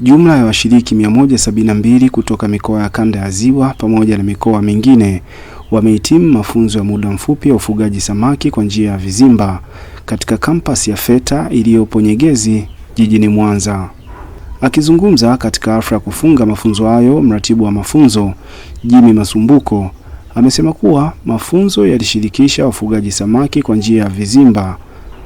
Jumla ya washiriki 172 kutoka mikoa ya kanda ya Ziwa pamoja na mikoa mingine wamehitimu mafunzo ya muda mfupi ya ufugaji samaki kwa njia ya vizimba katika kampasi ya FETA iliyopo Nyegezi jijini Mwanza. Akizungumza katika hafla ya kufunga mafunzo hayo, mratibu wa mafunzo Jimmy Masumbuko amesema kuwa mafunzo yalishirikisha wafugaji samaki kwa njia ya vizimba,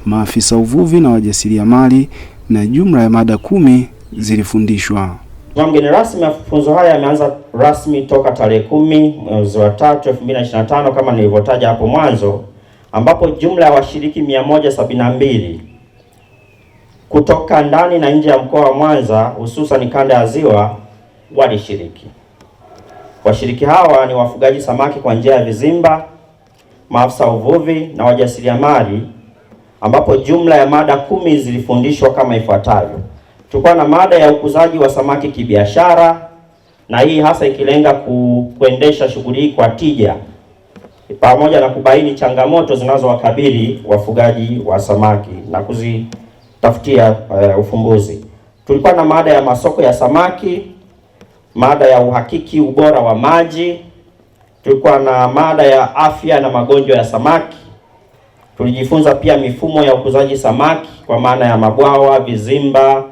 maafisa uvuvi na wajasiriamali na jumla ya mada kumi zilifundishwa. Mheshimiwa mgeni rasmi, mafunzo haya yameanza rasmi toka tarehe kumi mwezi wa tatu tano kama nilivyotaja hapo mwanzo, ambapo jumla ya washiriki mbili kutoka ndani na nje ya mkoa wa Mwanza hususan kanda ya Ziwa walishiriki. Washiriki hawa ni wafugaji samaki kwa njia ya vizimba, maafisa uvuvi na wajasiriamali, ambapo jumla ya mada kumi zilifundishwa kama ifuatavyo tulikuwa na mada ya ukuzaji wa samaki kibiashara, na hii hasa ikilenga ku, kuendesha shughuli hii kwa tija pamoja na kubaini changamoto zinazowakabili wafugaji wa samaki na kuzitafutia uh, ufumbuzi. Tulikuwa na mada ya masoko ya samaki, mada ya uhakiki ubora wa maji, tulikuwa na mada ya afya na magonjwa ya samaki. Tulijifunza pia mifumo ya ukuzaji samaki kwa maana ya mabwawa, vizimba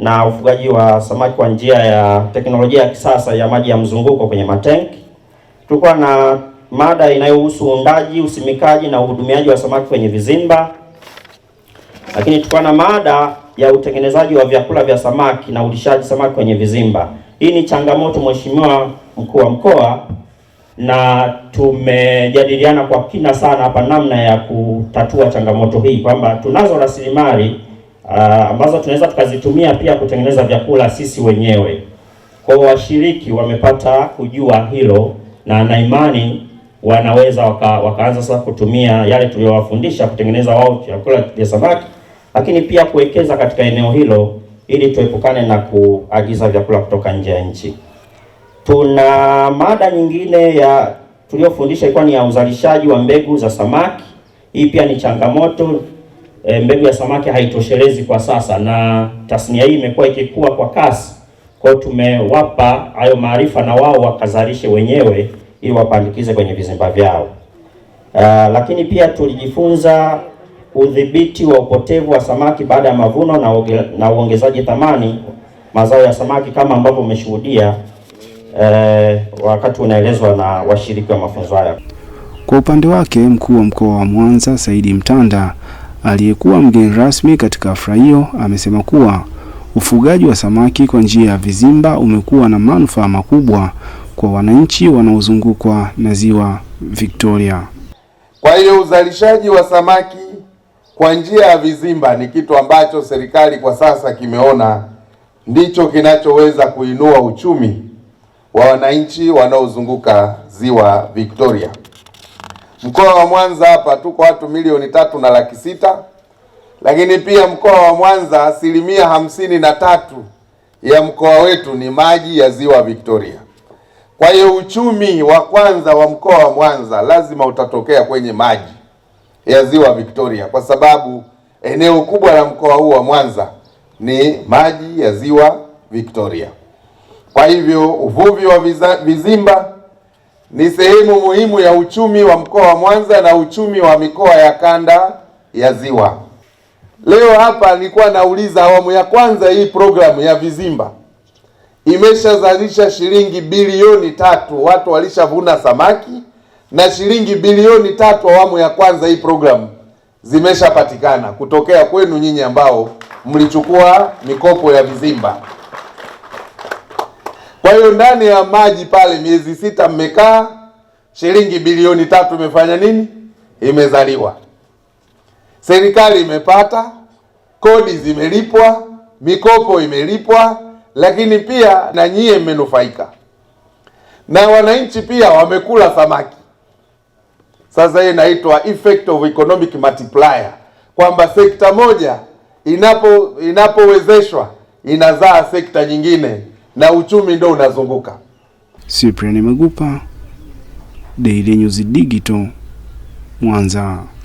na ufugaji wa samaki kwa njia ya teknolojia ya kisasa ya maji ya mzunguko kwenye matenki. Tulikuwa na mada inayohusu uundaji, usimikaji na uhudumiaji wa samaki kwenye vizimba, lakini tulikuwa na mada ya utengenezaji wa vyakula vya samaki na ulishaji samaki kwenye vizimba. Hii ni changamoto, Mheshimiwa Mkuu wa Mkoa, na tumejadiliana kwa kina sana hapa namna ya kutatua changamoto hii, kwamba tunazo rasilimali Ah, ambazo tunaweza tukazitumia pia kutengeneza vyakula sisi wenyewe. Kwa hiyo washiriki wamepata kujua hilo na na imani wanaweza waka, wakaanza sasa kutumia yale tuliyowafundisha kutengeneza wao vyakula vya samaki, lakini pia kuwekeza katika eneo hilo ili tuepukane na kuagiza vyakula kutoka nje ya nchi. Tuna mada nyingine ya tuliyofundisha ilikuwa ni ya uzalishaji wa mbegu za samaki. Hii pia ni changamoto e, mbegu ya samaki haitoshelezi kwa sasa, na tasnia hii imekuwa ikikua kwa kasi. Kwa hiyo tumewapa hayo maarifa na wao wakazalishe wenyewe ili wapandikize kwenye vizimba vyao. Uh, lakini pia tulijifunza udhibiti wa upotevu wa samaki baada ya mavuno na, uge, na uongezaji thamani mazao ya samaki kama ambavyo umeshuhudia eh, wakati unaelezwa na washiriki wa mafunzo haya. Kwa upande wake, mkuu wa mkoa wa Mwanza Saidi Mtanda aliyekuwa mgeni rasmi katika hafla hiyo amesema kuwa ufugaji wa samaki kwa njia ya vizimba umekuwa na manufaa makubwa kwa wananchi wanaozungukwa na ziwa Victoria. Kwa hiyo uzalishaji wa samaki kwa njia ya vizimba ni kitu ambacho serikali kwa sasa kimeona ndicho kinachoweza kuinua uchumi wa wananchi wanaozunguka ziwa Victoria. Mkoa wa Mwanza hapa tuko watu milioni tatu na laki sita, lakini pia mkoa wa Mwanza asilimia hamsini na tatu ya mkoa wetu ni maji ya ziwa Victoria. Kwa hiyo uchumi wa kwanza wa mkoa wa Mwanza lazima utatokea kwenye maji ya ziwa Victoria, kwa sababu eneo kubwa la mkoa huu wa Mwanza ni maji ya ziwa Victoria. Kwa hivyo uvuvi wa vizimba ni sehemu muhimu ya uchumi wa mkoa wa Mwanza na uchumi wa mikoa ya kanda ya Ziwa. Leo hapa nilikuwa nauliza, awamu ya kwanza hii programu ya vizimba imeshazalisha shilingi bilioni tatu, watu walishavuna samaki na shilingi bilioni tatu awamu ya kwanza hii programu zimeshapatikana kutokea kwenu nyinyi ambao mlichukua mikopo ya vizimba. Kwa hiyo ndani ya maji pale miezi sita mmekaa, shilingi bilioni tatu imefanya nini? Imezaliwa, serikali imepata, kodi zimelipwa, mikopo imelipwa, lakini pia na nyie mmenufaika, na wananchi pia wamekula samaki. Sasa hii inaitwa effect of economic multiplier, kwamba sekta moja inapo inapowezeshwa inazaa sekta nyingine na uchumi ndo unazunguka. Cyprian Magupa, Daily News Digital, Mwanza.